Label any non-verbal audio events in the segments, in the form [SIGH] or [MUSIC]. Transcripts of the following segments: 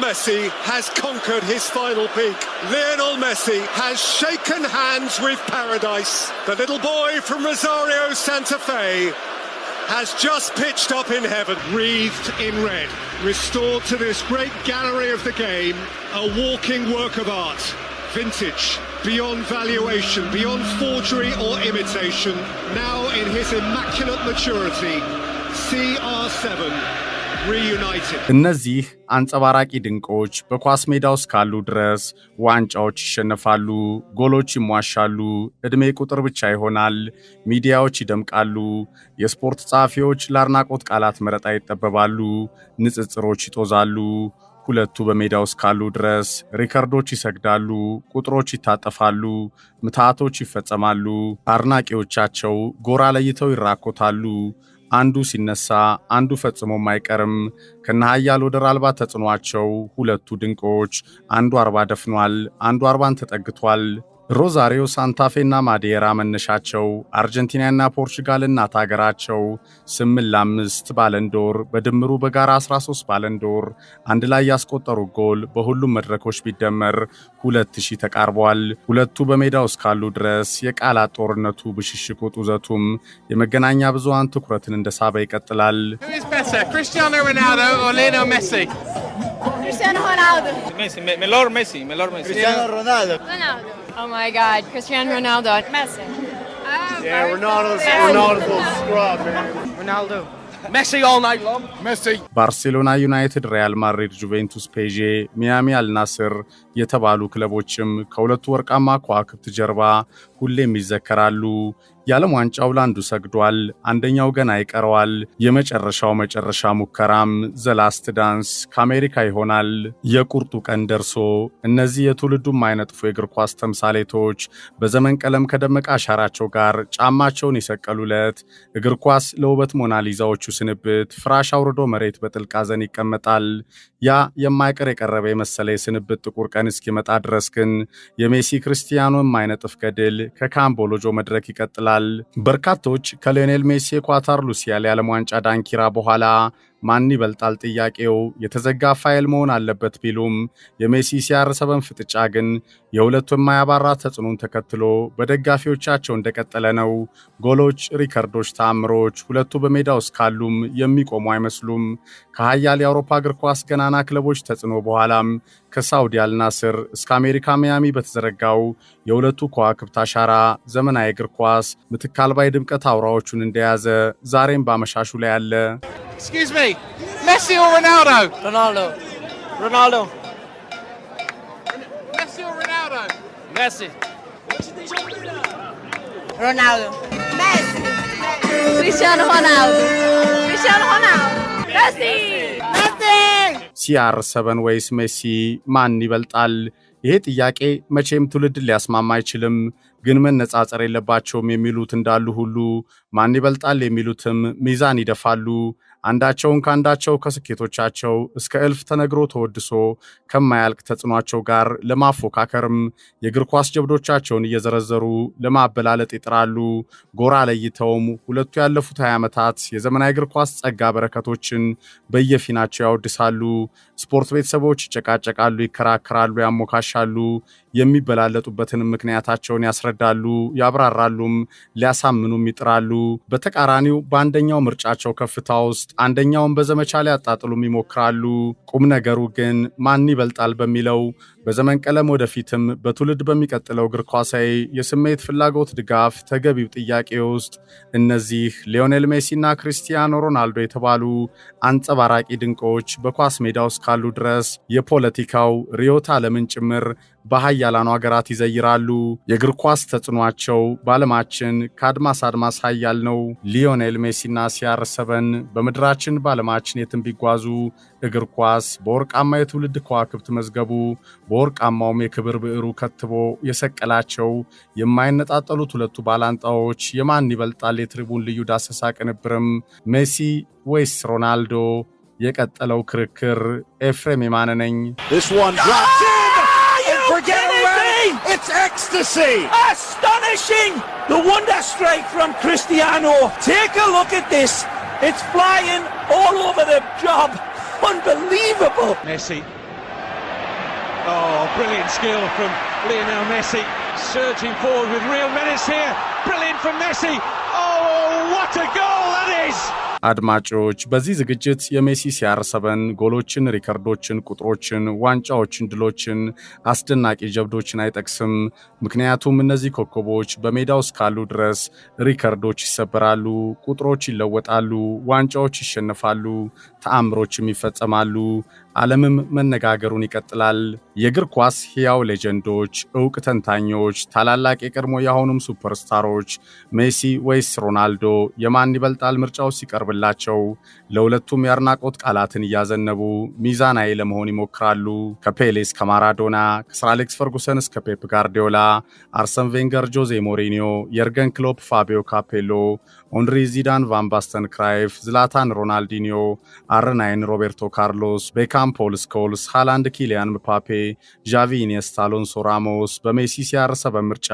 Messi has conquered his final peak. Lionel Messi has shaken hands with paradise. The little boy from Rosario Santa Fe has just pitched up in heaven. Wreathed in red, restored to this great gallery of the game, a walking work of art. Vintage, beyond valuation, beyond forgery or imitation, now in his immaculate maturity, CR7 እነዚህ አንጸባራቂ ድንቆች በኳስ ሜዳ ውስጥ ካሉ ድረስ ዋንጫዎች ይሸነፋሉ፣ ጎሎች ይሟሻሉ፣ ዕድሜ ቁጥር ብቻ ይሆናል፣ ሚዲያዎች ይደምቃሉ፣ የስፖርት ጸሐፊዎች ለአድናቆት ቃላት መረጣ ይጠበባሉ፣ ንጽጽሮች ይጦዛሉ። ሁለቱ በሜዳ ውስጥ ካሉ ድረስ ሪከርዶች ይሰግዳሉ፣ ቁጥሮች ይታጠፋሉ፣ ምትሃቶች ይፈጸማሉ፣ አድናቂዎቻቸው ጎራ ለይተው ይራኮታሉ። አንዱ ሲነሳ አንዱ ፈጽሞም አይቀርም። ከነሃያል ኃያል ወደር አልባ ተጽዕኗቸው ሁለቱ ድንቆች አንዱ አርባ ደፍኗል፣ አንዱ አርባን ተጠግቷል። ሮዛሪዮ ሳንታፌና ማዴራ መነሻቸው አርጀንቲናና ፖርቹጋል እናት አገራቸው 8 ለአምስት ባለንዶር በድምሩ በጋራ 13 ባለንዶር አንድ ላይ ያስቆጠሩ ጎል በሁሉም መድረኮች ቢደመር 2000 ተቃርቧል። ሁለቱ በሜዳ ውስጥ ካሉ ድረስ የቃላት ጦርነቱ ብሽሽቁ ጡዘቱም የመገናኛ ብዙሃን ትኩረትን እንደሳበ ይቀጥላል። ሮናልዶ Oh my God, Cristiano Ronaldo. Messi. Oh, yeah, Ronaldo's, Ronaldo's a scrub, man. Ronaldo. Messi all night long. Messi. ባርሴሎና፣ ዩናይትድ፣ ሪያል ማድሪድ፣ ጁቬንቱስ፣ ፔዤ፣ ሚያሚ አልናስር የተባሉ ክለቦችም ከሁለቱ ወርቃማ ከዋክብት ጀርባ ሁሌም ይዘከራሉ። የዓለም ዋንጫው ለአንዱ ሰግዷል፣ አንደኛው ገና ይቀረዋል። የመጨረሻው መጨረሻ ሙከራም ዘላስት ዳንስ ከአሜሪካ ይሆናል። የቁርጡ ቀን ደርሶ እነዚህ የትውልዱም የማይነጥፉ የእግር ኳስ ተምሳሌቶች በዘመን ቀለም ከደመቀ አሻራቸው ጋር ጫማቸውን የሰቀሉለት እግር ኳስ ለውበት ሞናሊዛዎቹ ስንብት ፍራሽ አውርዶ መሬት በጥልቅ ሐዘን ይቀመጣል። ያ የማይቀር የቀረበ የመሰለ የስንብት ጥቁር ቀን እስኪመጣ ድረስ ግን የሜሲ ክርስቲያኖ የማይነጥፍ ገድል ከካምቦሎጆ መድረክ ይቀጥላል። ይቀጥላል። በርካቶች ከሊዮኔል ሜሲ የኳታር ሉሲያል የዓለም ዋንጫ ዳንኪራ በኋላ ማን ይበልጣል ጥያቄው የተዘጋ ፋይል መሆን አለበት ቢሉም የሜሲ ሲአር ሰበን ፍጥጫ ግን የሁለቱ የማያባራ ተጽዕኖን ተከትሎ በደጋፊዎቻቸው እንደቀጠለ ነው። ጎሎች፣ ሪከርዶች፣ ተአምሮች ሁለቱ በሜዳ ውስጥ ካሉም የሚቆሙ አይመስሉም። ከሀያል የአውሮፓ እግር ኳስ ገናና ክለቦች ተጽዕኖ በኋላም ከሳውዲ አልናስር እስከ አሜሪካ ሚያሚ በተዘረጋው የሁለቱ ከዋክብት አሻራ ዘመናዊ እግር ኳስ ምትክ አልባ የድምቀት አውራዎቹን እንደያዘ ዛሬም በአመሻሹ ላይ አለ። Excuse me, Messi or Ronaldo? Ronaldo. Ronaldo. Messi or Ronaldo? Messi. Ronaldo. Messi. Cristiano Ronaldo. Cristiano Ronaldo. Messi. Messi. ሲአር ሰበን ወይስ ሜሲ ማን ይበልጣል? ይሄ ጥያቄ መቼም ትውልድ ሊያስማማ አይችልም፣ ግን መነጻጸር የለባቸውም የሚሉት እንዳሉ ሁሉ ማን ይበልጣል የሚሉትም ሚዛን ይደፋሉ። አንዳቸውን ከአንዳቸው ከስኬቶቻቸው እስከ እልፍ ተነግሮ ተወድሶ ከማያልቅ ተጽዕኗቸው ጋር ለማፎካከርም የእግር ኳስ ጀብዶቻቸውን እየዘረዘሩ ለማበላለጥ ይጥራሉ። ጎራ ለይተውም ሁለቱ ያለፉት 20 ዓመታት የዘመናዊ እግር ኳስ ጸጋ በረከቶችን በየፊናቸው ያወድሳሉ። ስፖርት ቤተሰቦች ይጨቃጨቃሉ፣ ይከራከራሉ፣ ያሞካሻሉ። የሚበላለጡበትን ምክንያታቸውን ያስረዳሉ፣ ያብራራሉም፣ ሊያሳምኑም ይጥራሉ። በተቃራኒው በአንደኛው ምርጫቸው ከፍታ ውስጥ አንደኛውን በዘመቻ ሊያጣጥሉም ይሞክራሉ። ቁም ነገሩ ግን ማን ይበልጣል በሚለው በዘመን ቀለም ወደፊትም በትውልድ በሚቀጥለው እግር ኳሳዊ የስሜት ፍላጎት ድጋፍ ተገቢው ጥያቄ ውስጥ እነዚህ ሊዮኔል ሜሲና ክሪስቲያኖ ሮናልዶ የተባሉ አንጸባራቂ ድንቆች በኳስ ሜዳ ውስጥ ካሉ ድረስ የፖለቲካው ርዕዮተ ዓለምን ጭምር በሀያላኑ ሀገራት ይዘይራሉ። የእግር ኳስ ተጽዕኗቸው በዓለማችን ከአድማስ አድማስ ሀያል ነው። ሊዮኔል ሜሲና ሲያር ሰበን በምድራችን በዓለማችን የትም ቢጓዙ እግር ኳስ በወርቃማ የትውልድ ከዋክብት መዝገቡ በወርቃማውም የክብር ብዕሩ ከትቦ የሰቀላቸው የማይነጣጠሉት ሁለቱ ባላንጣዎች የማን ይበልጣል የትሪቡን ልዩ ዳሰሳ ቅንብርም ሜሲ ወይስ ሮናልዶ የቀጠለው ክርክር ኤፍሬም የማነ ነኝ። It's flying all over the job. Unbelievable! Messi. Oh, brilliant skill from Lionel Messi. Surging forward with real menace here. Brilliant from Messi. Oh, what a goal that is! አድማጮች በዚህ ዝግጅት የሜሲ ሲአር ሰበን ጎሎችን፣ ሪከርዶችን፣ ቁጥሮችን፣ ዋንጫዎችን፣ ድሎችን፣ አስደናቂ ጀብዶችን አይጠቅስም። ምክንያቱም እነዚህ ኮከቦች በሜዳው እስካሉ ድረስ ሪከርዶች ይሰበራሉ፣ ቁጥሮች ይለወጣሉ፣ ዋንጫዎች ይሸነፋሉ፣ ተአምሮችም ይፈጸማሉ። ዓለምም መነጋገሩን ይቀጥላል። የእግር ኳስ ሕያው ሌጀንዶች፣ ዕውቅ ተንታኞች፣ ታላላቅ የቀድሞ የአሁኑም ሱፐርስታሮች ሜሲ ወይስ ሮናልዶ የማን ይበልጣል ምርጫው ሲቀርብላቸው ለሁለቱም የአድናቆት ቃላትን እያዘነቡ ሚዛናዊ ለመሆን ይሞክራሉ። ከፔሌ እስከ ማራዶና፣ ከሰር አሌክስ ፈርጉሰን እስከ ፔፕ ጋርዲዮላ፣ አርሰን ቬንገር፣ ጆዜ ሞሪኒዮ፣ የርገን ክሎፕ፣ ፋቢዮ ካፔሎ፣ ኦንሪ ዚዳን፣ ቫንባስተን፣ ክራይፍ፣ ዝላታን፣ ሮናልዲኒዮ፣ አርናይን፣ ሮቤርቶ ካርሎስ፣ ቤካም፣ ፖል ስኮልስ፣ ሃላንድ፣ ኪሊያን ምፓፔ፣ ዣቪ፣ ኢኒየስታ፣ አሎንሶ፣ ራሞስ በሜሲ ሲያርሰ በምርጫ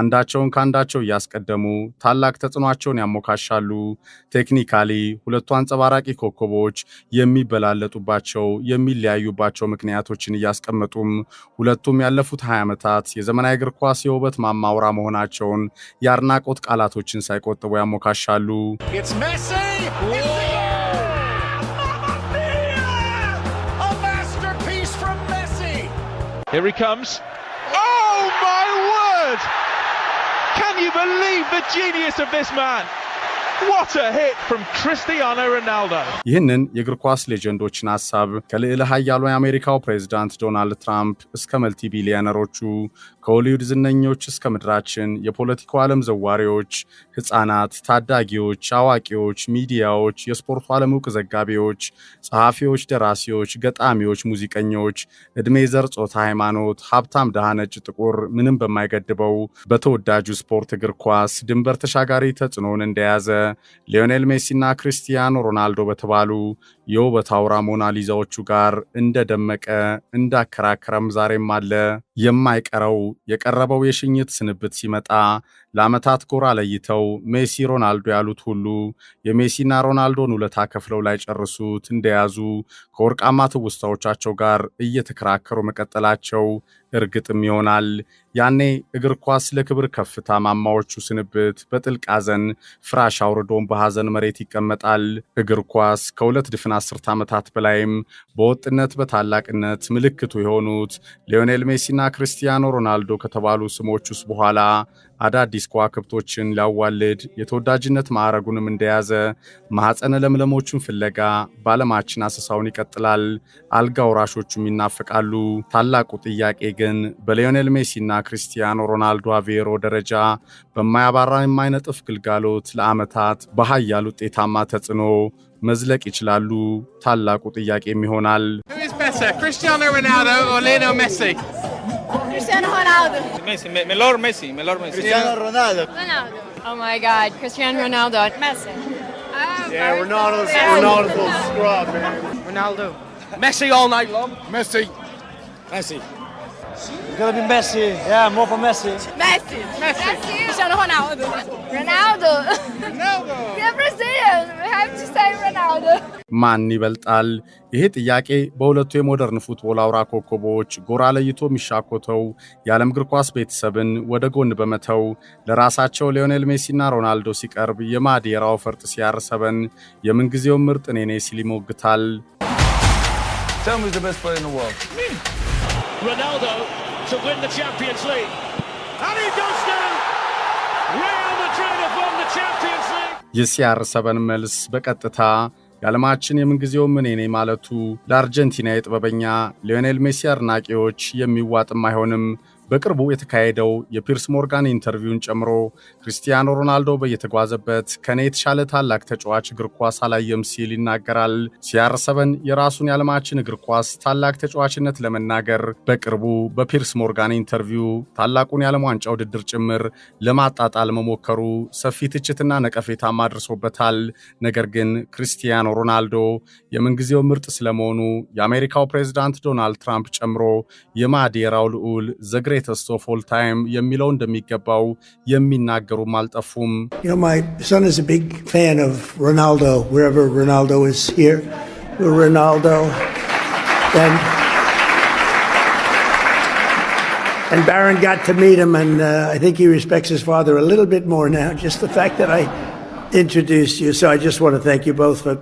አንዳቸውን ከአንዳቸው እያስቀደሙ ታላቅ ተጽዕኖቸውን ያሞካሻሉ። ቴክኒካሊ ሁለቱ አንጸባራቂ ኮከቦች የሚበላለጡባቸው የሚለያዩባቸው ምክንያቶችን እያስቀመጡም ሁለቱም ያለፉት 20 ዓመታት የዘመናዊ እግር ኳስ የውበት ማማውራ መሆናቸውን የአድናቆት ቃላቶችን ሳይቆጥቡ ያሞካ ካሻሉ [LAUGHS] Here he comes. Oh my word! Can you believe the genius of this man? What a hit from Cristiano Ronaldo! ይህንን የእግር ኳስ ሌጀንዶችን ሀሳብ ከልዕለ ኃያሉ የአሜሪካው ፕሬዝዳንት ዶናልድ ትራምፕ እስከ መልቲ ቢሊዮነሮቹ ከሆሊውድ ዝነኞች እስከ ምድራችን የፖለቲካው ዓለም ዘዋሪዎች፣ ሕፃናት፣ ታዳጊዎች፣ አዋቂዎች፣ ሚዲያዎች፣ የስፖርቱ ዓለም ውቅ ዘጋቢዎች፣ ጸሐፊዎች፣ ደራሲዎች፣ ገጣሚዎች፣ ሙዚቀኞች፣ ዕድሜ፣ ዘር፣ ጾታ፣ ሃይማኖት፣ ሀብታም፣ ድሃ፣ ነጭ፣ ጥቁር ምንም በማይገድበው በተወዳጁ ስፖርት እግር ኳስ ድንበር ተሻጋሪ ተጽዕኖውን እንደያዘ ሊዮኔል ሜሲና ክርስቲያኖ ሮናልዶ በተባሉ የውበት አውራ ሞናሊዛዎቹ ጋር እንደደመቀ እንዳከራከረም ዛሬም አለ። የማይቀረው የቀረበው የሽኝት ስንብት ሲመጣ ለዓመታት ጎራ ለይተው ሜሲ ሮናልዶ ያሉት ሁሉ የሜሲና ሮናልዶን ውለታ ከፍለው ላይ ጨርሱት እንደያዙ ከወርቃማ ትውስታዎቻቸው ጋር እየተከራከሩ መቀጠላቸው እርግጥም ይሆናል። ያኔ እግር ኳስ ለክብር ከፍታ ማማዎቹ ስንብት በጥልቅ ሐዘን ፍራሽ አውርዶን በሐዘን መሬት ይቀመጣል። እግር ኳስ ከሁለት ድፍን አስርት ዓመታት በላይም በወጥነት በታላቅነት ምልክቱ የሆኑት ሊዮኔል ሜሲና ክርስቲያኖ ሮናልዶ ከተባሉ ስሞች ውስጥ በኋላ አዳዲስ ከዋክብቶችን ሊያዋልድ የተወዳጅነት ማዕረጉንም እንደያዘ ማኅፀነ ለምለሞቹን ፍለጋ በዓለማችን አሰሳውን ይቀጥላል። አልጋ ወራሾቹም ይናፍቃሉ። ታላቁ ጥያቄ ግን በሊዮኔል ሜሲና ክርስቲያኖ ሮናልዶ አቬሮ ደረጃ በማያባራ የማይነጥፍ ግልጋሎት ለዓመታት በሀያል ውጤታማ ተጽዕኖ መዝለቅ ይችላሉ? ታላቁ ጥያቄም ይሆናል። Cristiano Ronaldo. Messi, me, Melor Messi, Melor Messi. Cristiano Ronaldo. Ronaldo. Oh my God, Cristiano Ronaldo. Messi. Oh, yeah, Ronaldo's Ronaldo's a scrub, man. Ronaldo. Messi all night long. Messi. Messi. It's gonna be Messi. Yeah, more for Messi. Messi. Messi. Messi. Cristiano Ronaldo. Ronaldo. ማን ይበልጣል? ይሄ ጥያቄ በሁለቱ የሞደርን ፉትቦል አውራ ኮከቦች ጎራ ለይቶ የሚሻኮተው የዓለም እግር ኳስ ቤተሰብን ወደ ጎን በመተው ለራሳቸው ሊዮኔል ሜሲና ሮናልዶ ሲቀርብ የማዴራው ፈርጥ ሲያርሰበን የምንጊዜው ምርጥ ኔኔ ሲል ይሞግታል። የሲያርሰበን መልስ በቀጥታ የዓለማችን የምንጊዜውም እኔ ነኝ ማለቱ ለአርጀንቲና የጥበበኛ ሊዮኔል ሜሲ አድናቂዎች የሚዋጥም አይሆንም። በቅርቡ የተካሄደው የፒርስ ሞርጋን ኢንተርቪውን ጨምሮ ክሪስቲያኖ ሮናልዶ በየተጓዘበት ከኔ የተሻለ ታላቅ ተጫዋች እግር ኳስ አላየም ሲል ይናገራል። ሲያርሰበን የራሱን የዓለማችን እግር ኳስ ታላቅ ተጫዋችነት ለመናገር በቅርቡ በፒርስ ሞርጋን ኢንተርቪው ታላቁን የዓለም ዋንጫ ውድድር ጭምር ለማጣጣል መሞከሩ ሰፊ ትችትና ነቀፌታም አድርሶበታል። ነገር ግን ክርስቲያኖ ሮናልዶ የምንጊዜው ምርጥ ስለመሆኑ የአሜሪካው ፕሬዚዳንት ዶናልድ ትራምፕ ጨምሮ የማዴራው ልዑል ዘግሬ ግሬተስት ኦፍ ኦል ታይም የሚለው እንደሚገባው የሚናገሩም አልጠፉም። And Baron got to meet him, and uh, I think he respects his father a little bit more now, just the fact that I introduced you. So I just want to thank you both for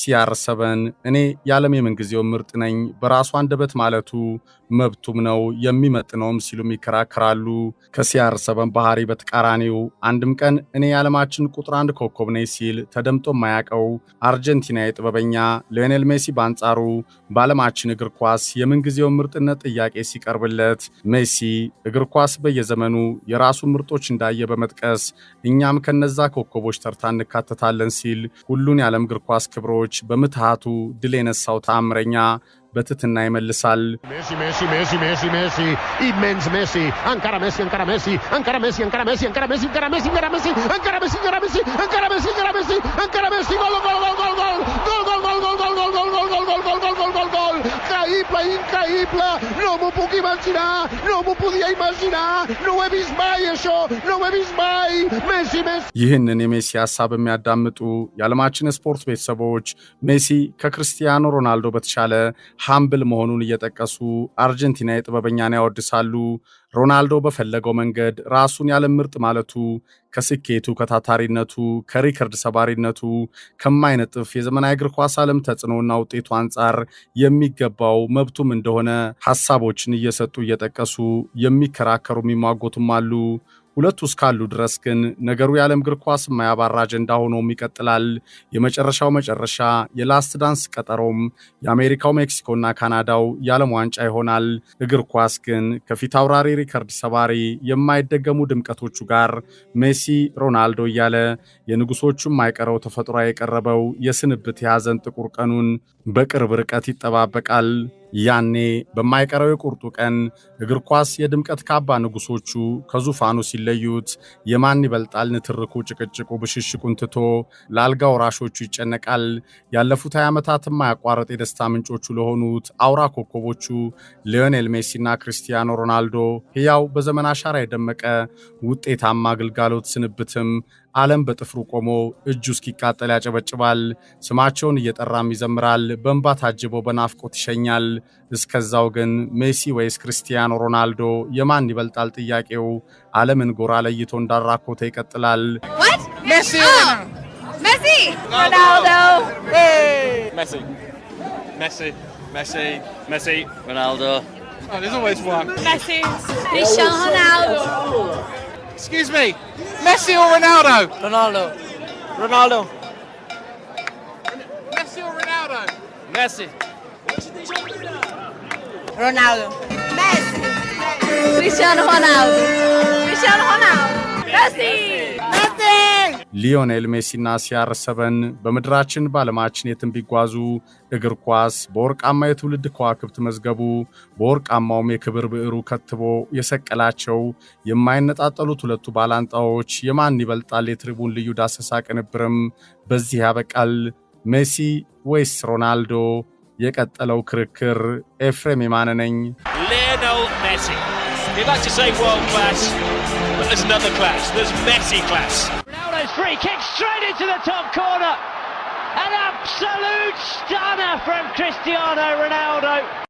ሲአር7 እኔ የዓለም የምንጊዜው ምርጥ ነኝ በራሱ አንደበት ማለቱ መብቱም ነው የሚመጥነውም ሲሉም ይከራከራሉ። ከሲአር ሰበን ባህሪ በተቃራኒው አንድም ቀን እኔ የዓለማችን ቁጥር አንድ ኮከብ ነኝ ሲል ተደምጦ የማያውቀው አርጀንቲና ጥበበኛ ሊዮኔል ሜሲ በአንጻሩ በዓለማችን እግር ኳስ የምንጊዜው ምርጥነት ጥያቄ ሲቀርብለት ሜሲ እግር ኳስ በየዘመኑ የራሱ ምርጦች እንዳየ በመጥቀስ እኛም ከነዛ ኮከቦች ተርታ እንካተታለን ሲል ሁሉን የዓለም እግር ኳስ ክብሮች በምትሃቱ ድል የነሳው ተአምረኛ በትትና ይመልሳል። increíble. No me puc imaginar, no m'ho podia imaginar, no ho he vist mai això, no ho he vist mai. Messi, Messi. ይህንን የሜሲ ሀሳብ የሚያዳምጡ የዓለማችን ስፖርት ቤተሰቦች ሜሲ ከክርስቲያኖ ሮናልዶ በተሻለ ሃምብል መሆኑን እየጠቀሱ አርጀንቲና የጥበበኛን ያወድሳሉ። ሮናልዶ በፈለገው መንገድ ራሱን ያለ ምርጥ ማለቱ ከስኬቱ፣ ከታታሪነቱ፣ ከሪከርድ ሰባሪነቱ ከማይነጥፍ የዘመናዊ እግር ኳስ ዓለም ተጽዕኖና ውጤቱ አንጻር የሚገባው መብቱም እንደሆነ ሀሳቦችን እየሰጡ እየጠቀሱ የሚከራከሩ የሚሟጎቱም አሉ። ሁለቱ እስካሉ ድረስ ግን ነገሩ የዓለም እግር ኳስ የማያባራ አጀንዳ ሆኖም ይቀጥላል። የመጨረሻው መጨረሻ የላስት ዳንስ ቀጠሮም የአሜሪካው፣ ሜክሲኮና ካናዳው የዓለም ዋንጫ ይሆናል። እግር ኳስ ግን ከፊት አውራሪ ሪከርድ ሰባሪ የማይደገሙ ድምቀቶቹ ጋር ሜሲ፣ ሮናልዶ እያለ የንጉሶቹ የማይቀረው ተፈጥሮ የቀረበው የስንብት የያዘን ጥቁር ቀኑን በቅርብ ርቀት ይጠባበቃል። ያኔ በማይቀረው የቁርጡ ቀን እግር ኳስ የድምቀት ካባ ንጉሶቹ ከዙፋኑ ሲለዩት የማን ይበልጣል ንትርኩ፣ ጭቅጭቁ፣ ብሽሽቁን ትቶ ለአልጋ ወራሾቹ ይጨነቃል። ያለፉት ሀያ ዓመታት የማያቋረጥ የደስታ ምንጮቹ ለሆኑት አውራ ኮከቦቹ ሊዮኔል ሜሲና ክርስቲያኖ ሮናልዶ ሕያው በዘመን አሻራ የደመቀ ውጤታማ አገልጋሎት ስንብትም ዓለም በጥፍሩ ቆሞ እጁ እስኪቃጠል ያጨበጭባል። ስማቸውን እየጠራም ይዘምራል። በእንባ ታጅቦ በናፍቆት ይሸኛል። እስከዛው ግን ሜሲ ወይስ ክርስቲያኖ ሮናልዶ የማን ይበልጣል? ጥያቄው ዓለምን ጎራ ለይቶ እንዳራኮተ ይቀጥላል። oh! ሮናልዶ Excuse me, Messi or Ronaldo? Ronaldo. Ronaldo. Messi or Ronaldo? Messi. Ronaldo. Messi. Cristiano Ronaldo. Cristiano Ronaldo. Messi. Messi. ሊዮኔል ሜሲና ሲያር ሰበን በምድራችን በዓለማችን የትም ቢጓዙ እግር ኳስ በወርቃማ የትውልድ ከዋክብት መዝገቡ በወርቃማውም የክብር ብዕሩ ከትቦ የሰቀላቸው የማይነጣጠሉት ሁለቱ ባላንጣዎች የማን ይበልጣል የትሪቡን ልዩ ዳሰሳ ቅንብርም በዚህ ያበቃል። ሜሲ ወይስ ሮናልዶ? የቀጠለው ክርክር ኤፍሬም የማነ ነኝ። ሜሲ straight into the top corner. An absolute stunner from Cristiano Ronaldo.